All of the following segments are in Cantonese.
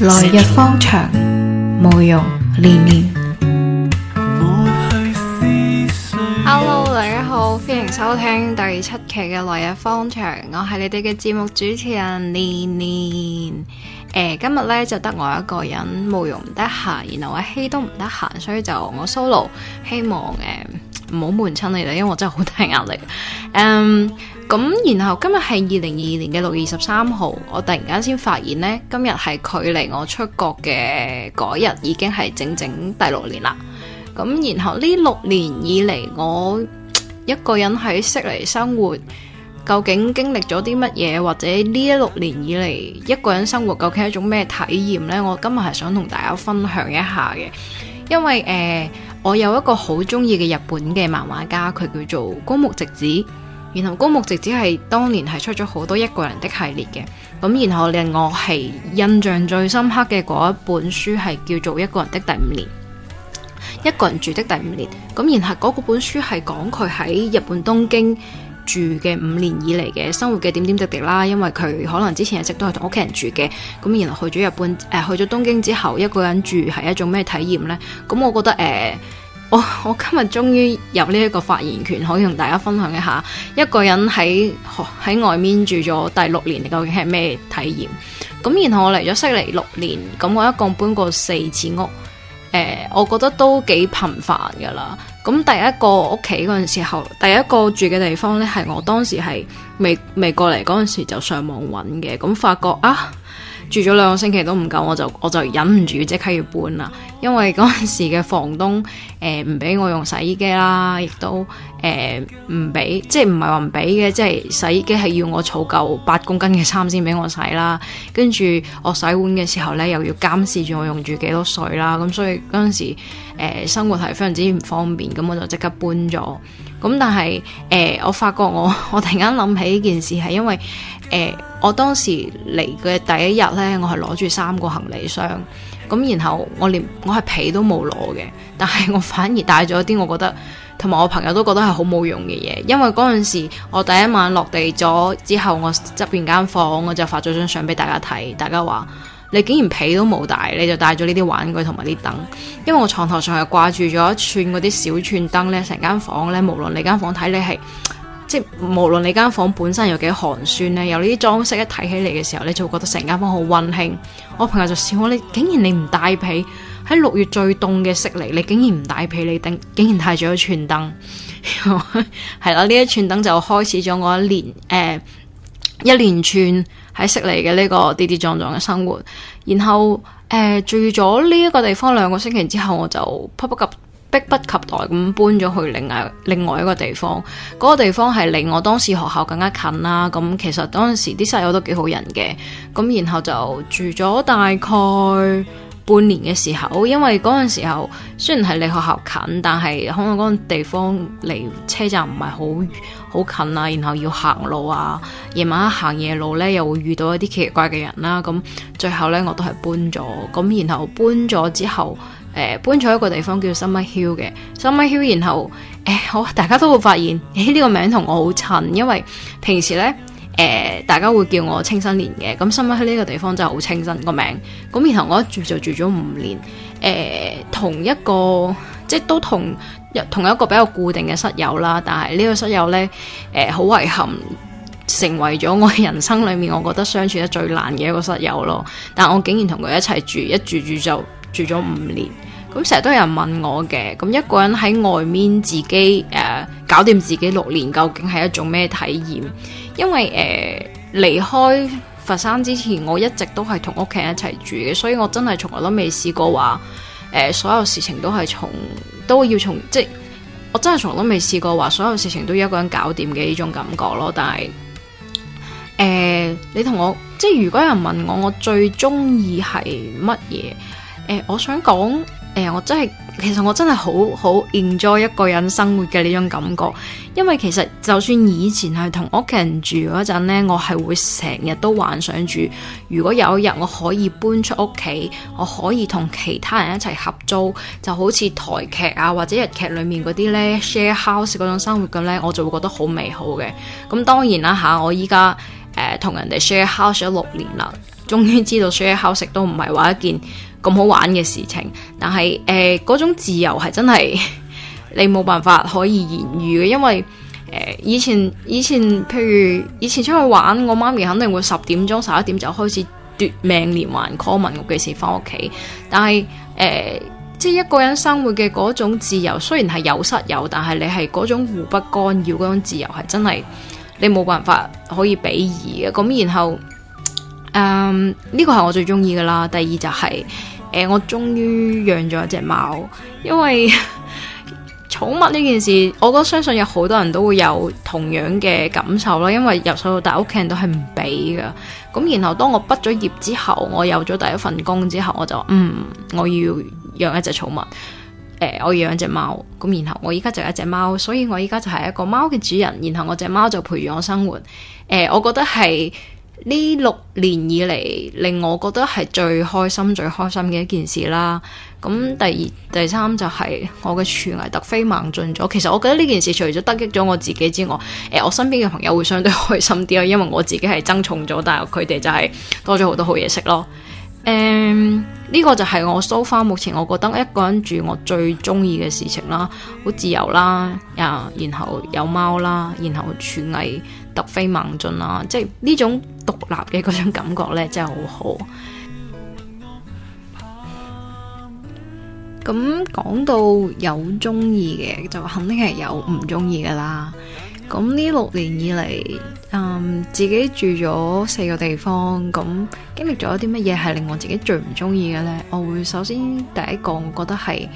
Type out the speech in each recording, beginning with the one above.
來日方長，慕容念念。Hello，大家好， 歡迎收聽第七期嘅《來日方長》，我係你哋嘅節目主持人念念。誒、呃，今日咧就得我一個人，慕容唔得閒，然後阿希都唔得閒，所以就我 solo，希望誒。呃唔好瞞親你哋，因為我真係好大壓力。嗯，咁然後今日係二零二二年嘅六月十三號，我突然間先發現呢，今日係距離我出國嘅嗰日已經係整整第六年啦。咁然後呢六年以嚟，我一個人喺悉尼生活，究竟經歷咗啲乜嘢，或者呢一六年以嚟一個人生活究竟係一種咩體驗呢？我今日係想同大家分享一下嘅，因為誒。呃我有一個好中意嘅日本嘅漫畫家，佢叫做高木直子。然後高木直子係當年係出咗好多一個人的系列嘅。咁然後令我係印象最深刻嘅嗰一本書係叫做一個人的第五年，一個人住的第五年。咁然後嗰本書係講佢喺日本東京。住嘅五年以嚟嘅生活嘅點點滴滴啦，因為佢可能之前一直都係同屋企人住嘅，咁然後去咗日本，誒、呃、去咗東京之後一個人住係一種咩體驗呢？咁、嗯、我覺得誒、呃，我我今日終於有呢一個發言權，可以同大家分享一下一個人喺喺、哦、外面住咗第六年，究竟係咩體驗？咁、嗯、然後我嚟咗悉尼六年，咁、嗯、我一共搬過四次屋，誒、呃，我覺得都幾頻繁噶啦。咁第一個屋企嗰陣時候，第一個住嘅地方呢，係我當時係未未過嚟嗰陣時就上網揾嘅，咁發覺啊～住咗兩個星期都唔夠，我就我就忍唔住即刻要搬啦。因為嗰陣時嘅房東誒唔俾我用洗衣機啦，亦都誒唔俾，即係唔係話唔俾嘅，即係洗衣機係要我儲夠八公斤嘅衫先俾我洗啦。跟住我洗碗嘅時候呢，又要監視住我用住幾多水啦。咁、嗯、所以嗰陣時誒、呃、生活係非常之唔方便，咁、嗯、我就即刻搬咗。咁、嗯、但係誒、呃、我發覺我我突然間諗起呢件事，係因為誒。呃我當時嚟嘅第一日呢，我係攞住三個行李箱，咁然後我連我係被都冇攞嘅，但係我反而帶咗一啲我覺得同埋我朋友都覺得係好冇用嘅嘢，因為嗰陣時我第一晚落地咗之後，我執完間房，我就發咗張相俾大家睇，大家話你竟然被都冇帶，你就帶咗呢啲玩具同埋啲燈，因為我床頭上係掛住咗一串嗰啲小串燈呢。成間房呢，無論你間房睇你係。即係無論你間房本身有幾寒酸咧，有呢啲裝飾一睇起嚟嘅時候，你就會覺得成間房好溫馨。我朋友就笑我：你竟然你唔帶被，喺六月最凍嘅悉尼，你竟然唔帶被，你頂竟然帶咗一串燈。係啦，呢一串燈就開始咗我一連誒一連串喺悉尼嘅呢個跌跌撞撞嘅生活。然後誒住咗呢一個地方兩個星期之後，我就迫不及。迫不及待咁搬咗去另外另外一個地方，嗰個地方係離我當時學校更加近啦。咁其實當時啲室友都幾好人嘅，咁然後就住咗大概半年嘅時候，因為嗰陣時候雖然係離學校近，但係可能嗰個地方離車站唔係好好近啊，然後要行路啊，夜晚行夜路呢，又會遇到一啲奇怪嘅人啦。咁最後呢，我都係搬咗，咁然後搬咗之後。呃、搬咗一個地方叫 Summer Hill 嘅 Summer Hill，然後誒，我、呃、大家都會發現，誒、欸、呢、這個名同我好襯，因為平時呢誒、呃，大家會叫我清新年嘅，咁 Summer Hill 呢個地方就係好清新個名，咁然後我一住就住咗五年，誒、呃、同一個即都同同一個比較固定嘅室友啦，但係呢個室友呢，誒、呃、好遺憾，成為咗我人生裡面我覺得相處得最難嘅一個室友咯，但我竟然同佢一齊住，一住住就～住咗五年，咁成日都有人問我嘅，咁一個人喺外面自己誒、呃、搞掂自己六年，究竟係一種咩體驗？因為誒、呃、離開佛山之前，我一直都係同屋企人一齊住嘅，所以我真係從來都未試過話誒、呃、所有事情都係從都要從，即我真係從來都未試過話所有事情都要一個人搞掂嘅呢種感覺咯。但係誒、呃、你同我，即係如果有人問我，我最中意係乜嘢？誒、欸，我想講，誒、欸，我真係其實我真係好好 enjoy 一個人生活嘅呢種感覺，因為其實就算以前係同屋企人住嗰陣呢，我係會成日都幻想住，如果有一日我可以搬出屋企，我可以同其他人一齊合租，就好似台劇啊或者日劇裡面嗰啲呢 share house 嗰種生活咁呢，我就會覺得好美好嘅。咁當然啦嚇、啊，我依家誒同人哋 share house 咗六年啦，終於知道 share house 都唔係話一件咁好玩嘅事情，但係誒嗰種自由係真係 你冇辦法可以言喻嘅，因為誒、呃、以前以前譬如以前出去玩，我媽咪肯定會十點鐘十一點就開始奪命連環 call 問我幾時翻屋企，但係誒、呃、即係一個人生活嘅嗰種自由，雖然係有室友，但係你係嗰種互不干擾嗰種自由係真係你冇辦法可以比擬嘅，咁然後。誒，呢、um, 個係我最中意噶啦。第二就係、是，誒、呃，我終於養咗一隻貓。因為寵 物呢件事，我覺得相信有好多人都會有同樣嘅感受啦。因為由細到大，屋企人都係唔俾噶。咁然後當我畢咗業之後，我有咗第一份工之後，我就嗯我要養一隻寵物。誒、呃，我要養隻貓。咁然後我依家就一隻貓，所以我依家就係一個貓嘅主人。然後我隻貓就陪住我生活。誒、呃，我覺得係。呢六年以嚟，令我覺得係最開心、最開心嘅一件事啦。咁第二、第三就係我嘅廚藝突飛猛進咗。其實我覺得呢件事除咗得益咗我自己之外，誒我身邊嘅朋友會相對開心啲咯，因為我自己係增重咗，但係佢哋就係多咗好多好嘢食咯。誒、嗯、呢、這個就係我 so far 目前我覺得一個人住我最中意嘅事情啦，好自由啦，啊，然後有貓啦，然後廚藝突飛猛進啦，即係呢種。獨立嘅嗰種感覺咧，真係好好。咁講到有中意嘅，就肯定係有唔中意噶啦。咁呢六年以嚟，嗯，自己住咗四個地方，咁經歷咗一啲乜嘢係令我自己最唔中意嘅呢？我會首先第一個，我覺得係誒、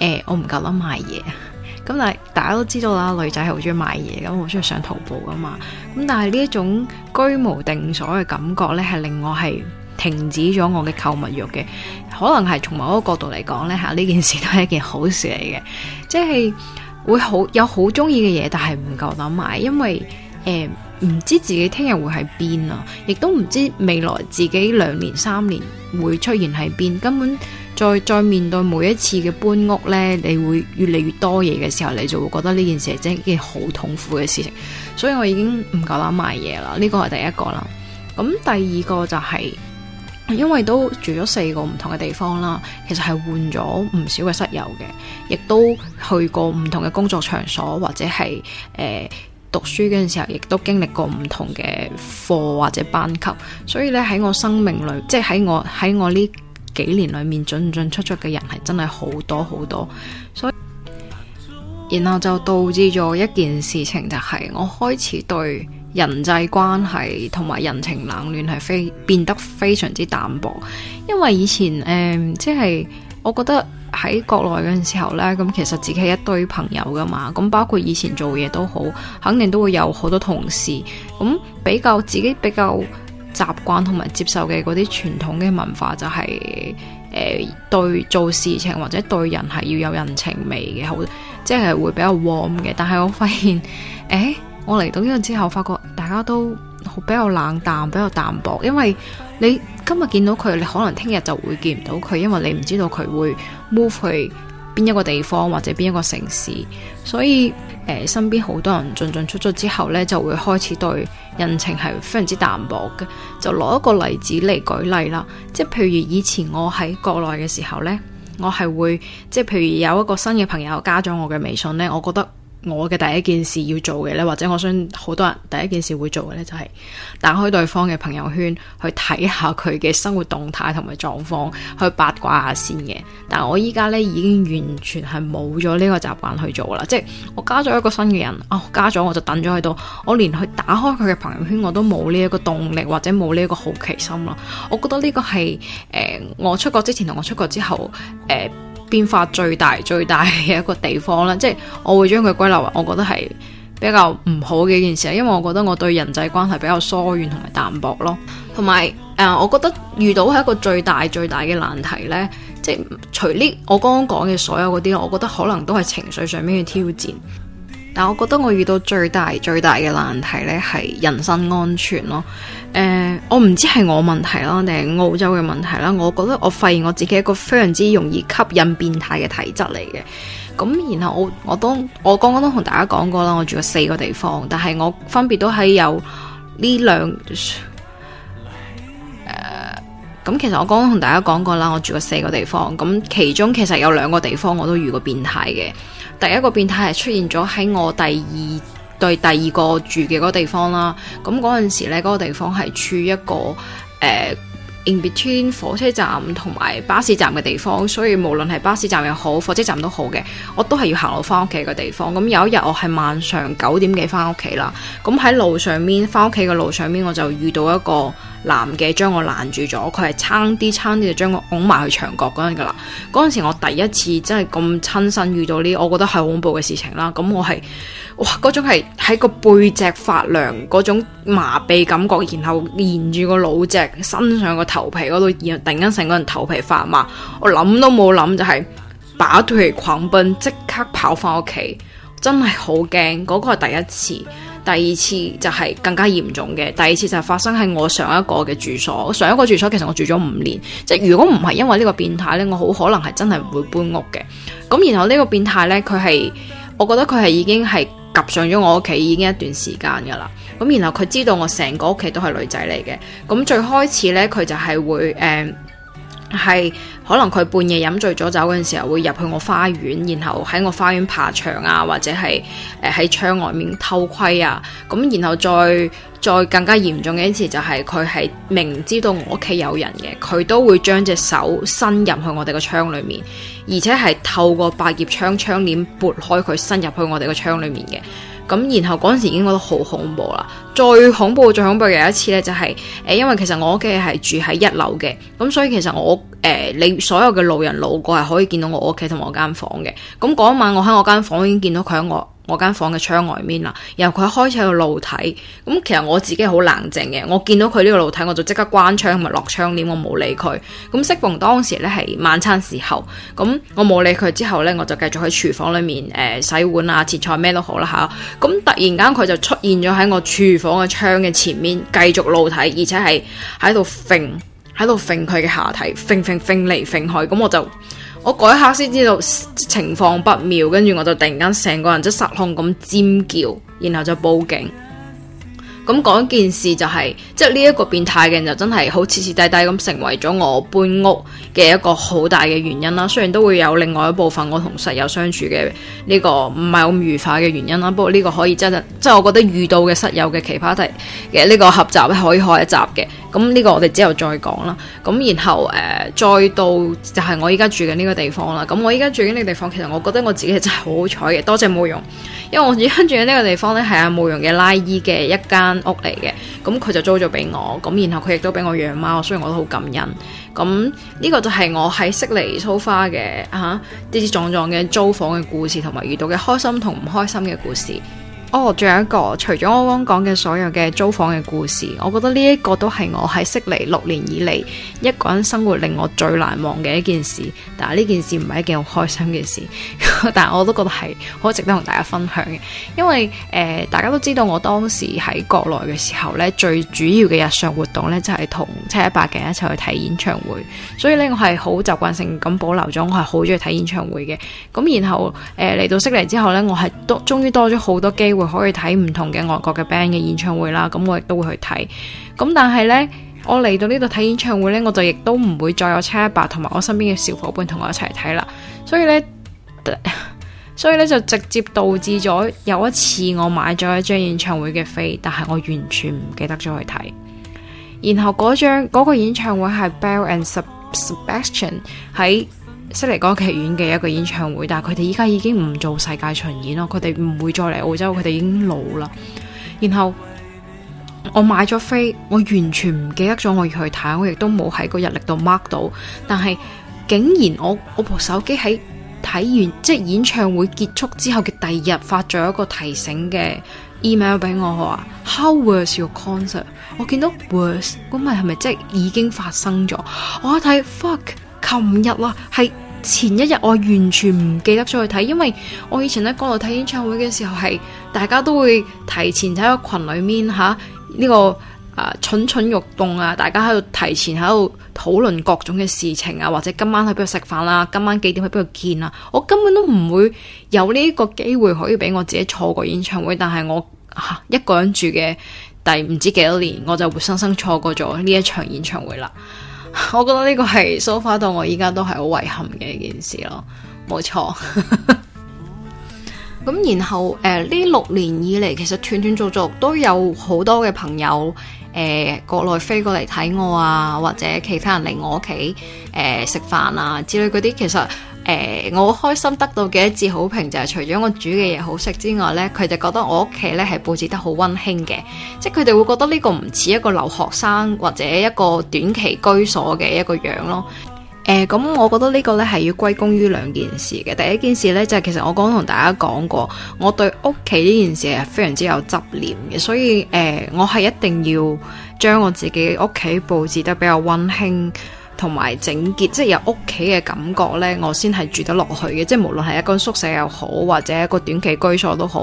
欸，我唔夠膽買嘢。咁但係大家都知道啦，女仔係好中意買嘢咁，好中意上淘寶噶嘛。咁但係呢一種居無定所嘅感覺呢，係令我係停止咗我嘅購物欲嘅。可能係從某一個角度嚟講呢，吓呢件事都係一件好事嚟嘅，即係會好有好中意嘅嘢，但係唔夠膽買，因為誒唔、呃、知自己聽日會喺邊啊，亦都唔知未來自己兩年三年會出現喺邊，根本。再再面對每一次嘅搬屋呢，你會越嚟越多嘢嘅時候，你就會覺得呢件事係真係好痛苦嘅事情。所以我已經唔夠膽買嘢啦，呢、這個係第一個啦。咁第二個就係、是、因為都住咗四個唔同嘅地方啦，其實係換咗唔少嘅室友嘅，亦都去過唔同嘅工作場所或者係誒讀書嗰陣時候，亦都經歷過唔同嘅課或者班級。所以呢，喺我生命裏，即係喺我喺我呢。幾年裏面進進出出嘅人係真係好多好多，所以然後就導致咗一件事情，就係我開始對人際關係同埋人情冷暖係非變得非常之淡薄，因為以前誒即係我覺得喺國內嗰陣時候呢，咁其實自己一堆朋友㗎嘛，咁包括以前做嘢都好，肯定都會有好多同事，咁比較自己比較。習慣同埋接受嘅嗰啲傳統嘅文化就係、是、誒、呃、對做事情或者對人係要有人情味嘅，好即係會比較 warm 嘅。但係我發現，誒、欸、我嚟到呢度之後，發覺大家都比較冷淡、比較淡薄，因為你今日見到佢，你可能聽日就會見唔到佢，因為你唔知道佢會 move 佢，邊一個地方或者邊一個城市，所以誒、呃、身邊好多人進進出出之後咧，就會開始對人情係非常之淡薄嘅。就攞一個例子嚟舉例啦，即係譬如以前我喺國內嘅時候咧，我係會即係譬如有一個新嘅朋友加咗我嘅微信咧，我覺得。我嘅第一件事要做嘅呢，或者我想好多人第一件事會做嘅呢，就係打開對方嘅朋友圈去睇下佢嘅生活動態同埋狀況，去八卦下先嘅。但係我依家呢，已經完全係冇咗呢個習慣去做啦，即係我加咗一個新嘅人，哦，加咗我就等咗喺度，我連去打開佢嘅朋友圈我都冇呢一個動力或者冇呢一個好奇心咯。我覺得呢個係誒、呃、我出國之前同我出國之後誒。呃變化最大、最大嘅一個地方啦，即係我會將佢歸納為，我覺得係比較唔好嘅一件事，因為我覺得我對人際關係比較疏遠同埋淡薄咯。同埋誒，我覺得遇到係一個最大、最大嘅難題呢。即係除呢我剛剛講嘅所有嗰啲，我覺得可能都係情緒上面嘅挑戰。但我覺得我遇到最大最大嘅難題咧，係人身安全咯。誒、呃，我唔知係我問題咯，定係澳洲嘅問題啦。我覺得我發現我自己一個非常之容易吸引變態嘅體質嚟嘅。咁然後我我都我剛剛都同大家講過啦，我住咗四個地方，但係我分別都係有呢兩。咁其實我剛剛同大家講過啦，我住過四個地方，咁其中其實有兩個地方我都遇過變態嘅。第一個變態係出現咗喺我第二對第二個住嘅嗰個地方啦。咁嗰陣時呢，嗰、嗰個地方係處於一個誒、呃、in between 火車站同埋巴士站嘅地方，所以無論係巴士站又好，火車站都好嘅，我都係要行路翻屋企嘅地方。咁有一日我係晚上九點幾翻屋企啦，咁喺路上面翻屋企嘅路上面我就遇到一個。男嘅將我攔住咗，佢係差啲差啲就將我拱埋去牆角嗰陣㗎喇。嗰陣時我第一次真係咁親身遇到呢，我覺得係恐怖嘅事情啦。咁我係哇嗰種係喺個背脊發涼嗰種麻痹感覺，然後沿住個腦脊伸上個頭皮嗰度，然後突然間成個人頭皮發麻，我諗都冇諗就係、是、拔腿狂奔，即刻跑返屋企，真係好驚。嗰、那個係第一次。第二次就係更加嚴重嘅，第二次就係發生喺我上一個嘅住所，上一個住所其實我住咗五年，即係如果唔係因為呢個變態呢，我好可能係真係唔會搬屋嘅。咁然後呢個變態呢，佢係我覺得佢係已經係及上咗我屋企已經一段時間噶啦。咁然後佢知道我成個屋企都係女仔嚟嘅，咁最開始呢，佢就係會誒。嗯係可能佢半夜飲醉咗酒嗰陣時候，會入去我花園，然後喺我花園爬牆啊，或者係誒喺窗外面偷窺啊。咁，然後再再更加嚴重嘅一次，就係佢係明知道我屋企有人嘅，佢都會將隻手伸入去我哋個窗裡面，而且係透過百葉窗窗簾撥開佢伸入去我哋個窗裡面嘅。咁然後嗰陣時已經覺得好恐怖啦，最恐怖、最恐怖嘅一次呢，就係、是、誒，因為其實我屋企係住喺一樓嘅，咁所以其實我誒、呃，你所有嘅路人路過係可以見到我屋企同我間房嘅。咁嗰晚我喺我間房已經見到佢喺我。我間房嘅窗外面啦，然後佢開始喺度露體，咁其實我自己好冷靜嘅，我見到佢呢個露體，我就即刻關窗同埋落窗簾，我冇理佢。咁適逢當時咧係晚餐時候，咁我冇理佢之後咧，我就繼續喺廚房裏面誒、呃、洗碗啊、切菜咩都好啦吓。咁、啊、突然間佢就出現咗喺我廚房嘅窗嘅前面，繼續露體，而且係喺度揈，喺度揈佢嘅下體，揈揈揈嚟揈去，咁我就。我嗰一刻先知道情況不妙，跟住我就突然間成個人失控咁尖叫，然後就報警。咁講件事就係、是，即係呢一個變態嘅人就真係好徹徹底底咁成為咗我搬屋嘅一個好大嘅原因啦。雖然都會有另外一部分我同室友相處嘅呢、這個唔係咁愉快嘅原因啦，不過呢個可以真係即係我覺得遇到嘅室友嘅奇葩題嘅呢、這個合集可以開一集嘅。咁、這、呢個我哋之後再講啦。咁然後誒、呃，再到就係我依家住緊呢個地方啦。咁我依家住緊呢個地方，其實我覺得我自己係真係好好彩嘅，多謝慕容，因為我住緊呢個地方咧係阿慕容嘅拉姨嘅一間屋嚟嘅，咁佢就租咗俾我，咁然後佢亦都俾我養貓，所以我都好感恩。咁、嗯、呢、這個就係我喺悉尼租花嘅，吓跌跌撞撞嘅租房嘅故事，同埋遇到嘅開心同唔開心嘅故事。哦，仲有、oh, 一個，除咗我剛剛講嘅所有嘅租房嘅故事，我覺得呢一個都係我喺悉尼六年以嚟一個人生活令我最難忘嘅一件事。但係呢件事唔係一件好開心嘅事，但係我都覺得係好值得同大家分享嘅。因為誒、呃，大家都知道我當時喺國內嘅時候咧，最主要嘅日常活動咧就係同七、一八嘅人一齊去睇演唱會。所以咧，我係好習慣性咁保留咗，我係好中意睇演唱會嘅。咁然後誒嚟、呃、到悉尼之後咧，我係多，終於多咗好多機會。會可以睇唔同嘅外國嘅 band 嘅演唱會啦，咁我亦都會去睇。咁但係呢，我嚟到呢度睇演唱會呢，我就亦都唔會再有車伯同埋我身邊嘅小夥伴同我一齊睇啦。所以呢，所以呢，就直接導致咗有一次我買咗一張演唱會嘅飛，但係我完全唔記得咗去睇。然後嗰張嗰、嗰個演唱會係 Bell and Sebastian 喺。悉尼歌劇院嘅一個演唱會，但係佢哋依家已經唔做世界巡演咯，佢哋唔會再嚟澳洲，佢哋已經老啦。然後我買咗飛，我完全唔記得咗我要去睇，我亦都冇喺個日曆度 mark 到。但係竟然我我部手機喺睇完即係演唱會結束之後嘅第二日發咗一個提醒嘅 email 俾我，話 How was your concert？我見到 was 咁，咪係咪即係已經發生咗？我一睇 fuck！琴日哇，係、啊、前一日，我完全唔記得咗去睇，因為我以前喺國內睇演唱會嘅時候，係大家都會提前喺個群裏面吓呢、這個啊、呃、蠢蠢欲動啊，大家喺度提前喺度討論各種嘅事情啊，或者今晚喺邊度食飯啦，今晚幾點喺邊度見啊？我根本都唔會有呢個機會可以俾我自己錯過演唱會，但係我、啊、一個人住嘅第唔知幾多年，我就活生生錯過咗呢一場演唱會啦。我覺得呢個係 so far 到我依家都係好遺憾嘅一件事咯，冇錯。咁 然後誒呢、呃、六年以嚟，其實斷斷續續都有好多嘅朋友誒、呃、國內飛過嚟睇我啊，或者其他人嚟我屋企誒食飯啊之類嗰啲，其實。誒、呃，我開心得到嘅一致好評，就係、是、除咗我煮嘅嘢好食之外，呢佢哋覺得我屋企呢係布置得好温馨嘅，即係佢哋會覺得呢個唔似一個留學生或者一個短期居所嘅一個樣咯。誒、呃，咁我覺得呢個呢係要歸功於兩件事嘅，第一件事呢，就係、是、其實我剛同大家講過，我對屋企呢件事係非常之有執念嘅，所以誒、呃，我係一定要將我自己屋企布置得比較温馨。同埋整潔，即係有屋企嘅感覺呢，我先係住得落去嘅。即係無論係一間宿舍又好，或者一個短期居所都好，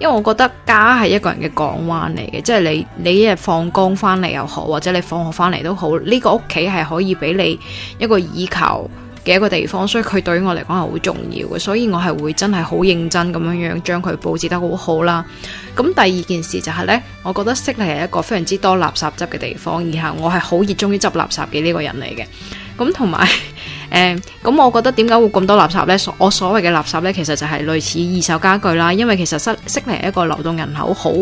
因為我覺得家係一個人嘅港灣嚟嘅。即係你你一日放工翻嚟又好，或者你放學翻嚟都好，呢個屋企係可以俾你一個倚靠嘅一個地方，所以佢對於我嚟講係好重要嘅，所以我係會真係好認真咁樣樣將佢布置得好好啦。咁第二件事就係呢：我覺得悉尼係一個非常之多垃圾執嘅地方，然後我係好熱衷於執垃圾嘅呢個人嚟嘅。咁同埋誒，咁、嗯、我覺得點解會咁多垃圾呢？所我所謂嘅垃圾呢，其實就係類似二手家具啦，因為其實悉悉尼係一個流動人口好。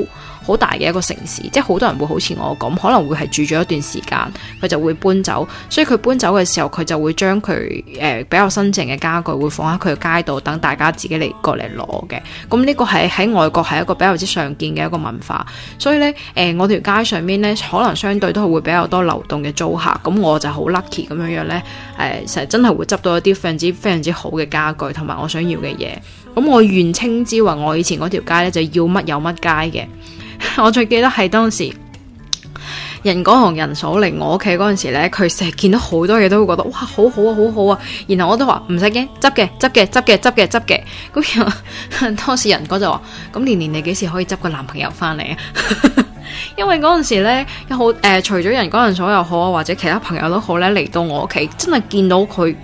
好大嘅一個城市，即係好多人會好似我咁，可能會係住咗一段時間，佢就會搬走。所以佢搬走嘅時候，佢就會將佢誒比較新淨嘅家具會放喺佢嘅街度，等大家自己嚟過嚟攞嘅。咁呢個係喺外國係一個比較之常見嘅一個文化。所以呢，誒、呃、我條街上面呢，可能相對都係會比較多流動嘅租客。咁我就好 lucky 咁樣樣呢，誒、呃、成日真係會執到一啲非常之非常之好嘅家具同埋我想要嘅嘢。咁我願稱之為我以前嗰條街呢，就要乜有乜街嘅。我最記得係當時人廣同人所嚟我屋企嗰陣時咧，佢成日見到好多嘢都會覺得哇，好好啊，好好啊，然後我都話唔使驚，執嘅執嘅執嘅執嘅執嘅，咁然後當時人嗰就話，咁年年你幾時可以執個男朋友翻嚟啊？ 因為嗰陣時咧，有好誒、呃，除咗人廣人所有好啊，或者其他朋友都好呢，嚟到我屋企真係見到佢。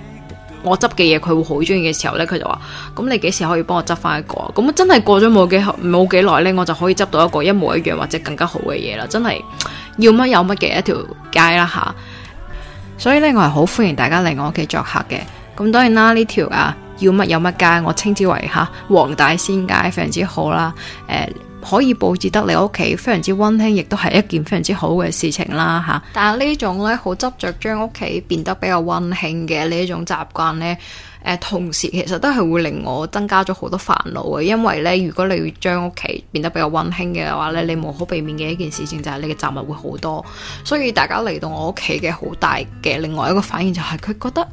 我執嘅嘢，佢會好中意嘅時候呢，佢就話：咁你幾時可以幫我執翻一個？咁真係過咗冇幾冇幾耐呢，我就可以執到一個一模一樣或者更加好嘅嘢啦！真係要乜有乜嘅一條街啦吓。所以呢，我係好歡迎大家嚟我屋企作客嘅。咁當然啦，呢條啊要乜有乜街，我稱之爲吓黃、啊、大仙街，非常之好啦。誒、啊。可以布置得你屋企非常之溫馨，亦都係一件非常之好嘅事情啦，吓、啊！但係呢種咧好執着將屋企變得比較溫馨嘅呢一種習慣咧，誒、呃，同時其實都係會令我增加咗好多煩惱嘅，因為咧，如果你將屋企變得比較溫馨嘅話咧，你無可避免嘅一件事情就係你嘅雜物會好多，所以大家嚟到我屋企嘅好大嘅另外一個反應就係佢覺得。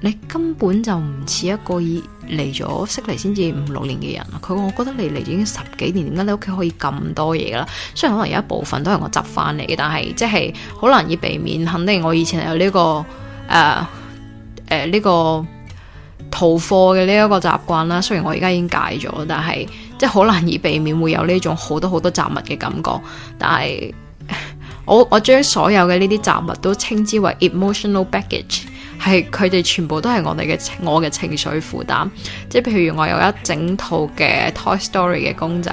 你根本就唔似一個嚟咗識嚟先至五六年嘅人。佢話我覺得你嚟咗已經十幾年，點解你屋企可以咁多嘢㗎啦？雖然可能有一部分都係我執翻嚟嘅，但係即係好難以避免，肯定我以前有呢、這個誒誒呢個淘貨嘅呢一個習慣啦。雖然我而家已經戒咗，但係即係好難以避免會有呢種好多好多雜物嘅感覺。但係 我我將所有嘅呢啲雜物都稱之為 emotional baggage。係佢哋全部都係我哋嘅我嘅情緒負擔，即係譬如我有一整套嘅 Toy Story 嘅公仔，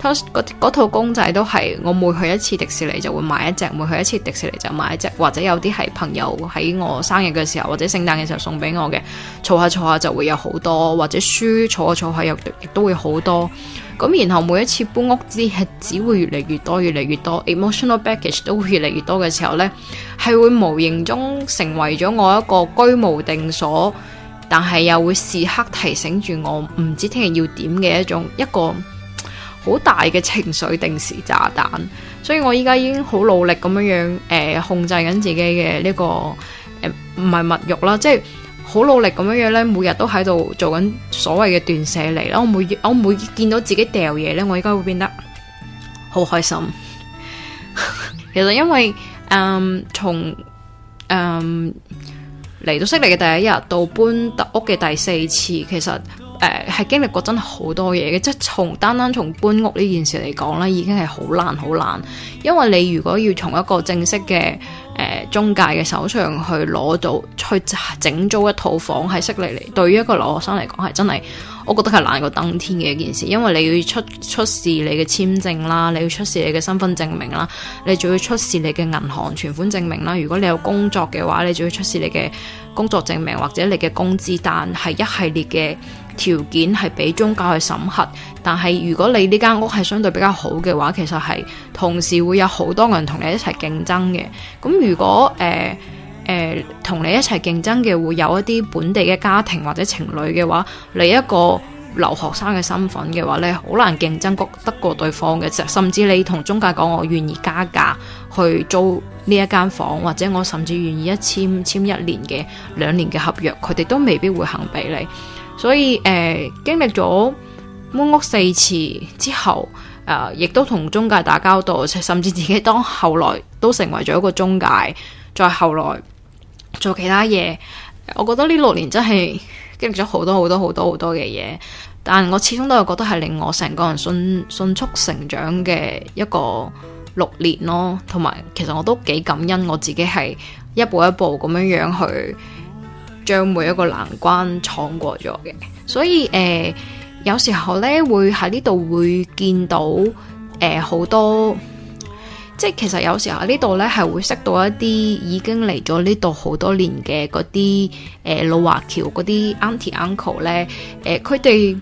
嗰嗰套公仔都係我每去一次迪士尼就會買一隻，每去一次迪士尼就買一隻，或者有啲係朋友喺我生日嘅時候或者聖誕嘅時候送俾我嘅，坐下坐下就會有好多，或者書坐下坐下又亦都會好多。咁然後每一次搬屋，之係只會越嚟越多，越嚟越多 emotional baggage 都會越嚟越多嘅時候呢，係會無形中成為咗我一個居無定所，但係又會時刻提醒住我唔知聽日要點嘅一種一個好大嘅情緒定時炸彈。所以我依家已經好努力咁樣樣誒、呃，控制緊自己嘅呢、這個唔係、呃、物慾啦，即係。好努力咁樣樣咧，每日都喺度做緊所謂嘅斷捨離啦。我每我每見到自己掉嘢咧，我應該會變得好開心。 其實因為嗯，從嗯嚟到悉尼嘅第一日到搬屋嘅第四次，其實。誒，係、呃、經歷過真係好多嘢嘅，即係從單單從搬屋呢件事嚟講咧，已經係好難好難。因為你如果要從一個正式嘅誒、呃、中介嘅手上去攞到去整租一套房喺悉尼嚟，對於一個留學生嚟講係真係，我覺得係難過登天嘅一件事。因為你要出出示你嘅簽證啦，你要出示你嘅身份證明啦，你仲要出示你嘅銀行存款證明啦。如果你有工作嘅話，你仲要出示你嘅工作證明或者你嘅工資單係一系列嘅。條件係俾中介去審核，但係如果你呢間屋係相對比較好嘅話，其實係同時會有好多人同你一齊競爭嘅。咁如果誒誒同你一齊競爭嘅會有一啲本地嘅家庭或者情侶嘅話，你一個留學生嘅身份嘅話，你好難競爭得過對方嘅。甚至你同中介講我願意加價去租呢一間房，或者我甚至願意一簽簽一年嘅兩年嘅合約，佢哋都未必會肯俾你。所以誒、呃，經歷咗搬屋四次之後，誒、呃、亦都同中介打交道，甚至自己當後來都成為咗一個中介，再後來做其他嘢。我覺得呢六年真係經歷咗好多好多好多好多嘅嘢，但我始終都係覺得係令我成個人迅迅速成長嘅一個六年咯。同埋其實我都幾感恩我自己係一步一步咁樣樣去，將每一個難關闖過咗嘅，所以誒、呃，有時候咧會喺呢度會見到誒好、呃、多，即係其實有時候呢度咧係會識到一啲已經嚟咗呢度好多年嘅嗰啲誒老華僑嗰啲 auntie uncle 咧，誒佢哋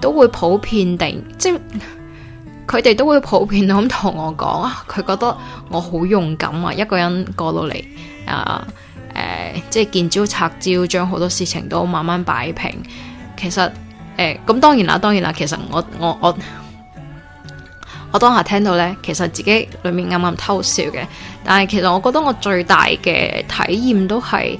都會普遍地，即係佢哋都會普遍咁同我講啊，佢覺得我好勇敢啊，一個人過到嚟啊！即係見招拆招，將好多事情都慢慢擺平。其實誒，咁、欸、當然啦，當然啦。其實我我我我當下聽到咧，其實自己裏面暗暗偷笑嘅。但係其實我覺得我最大嘅體驗都係誒、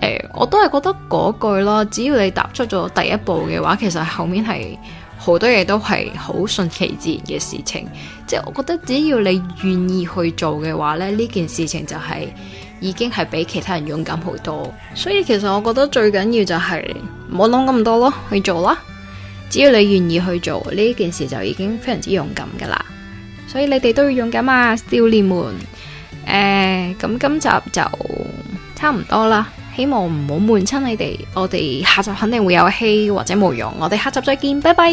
欸，我都係覺得嗰句囉，只要你踏出咗第一步嘅話，其實後面係好多嘢都係好順其自然嘅事情。即係我覺得只要你願意去做嘅話咧，呢件事情就係、是。已經係比其他人勇敢好多，所以其實我覺得最緊要就係唔好諗咁多咯，去做啦。只要你願意去做，呢件事就已經非常之勇敢㗎啦。所以你哋都要勇敢啊，少年們！誒、呃，咁今集就差唔多啦，希望唔好悶親你哋。我哋下集肯定會有戲或者冇用，我哋下集再見，拜拜。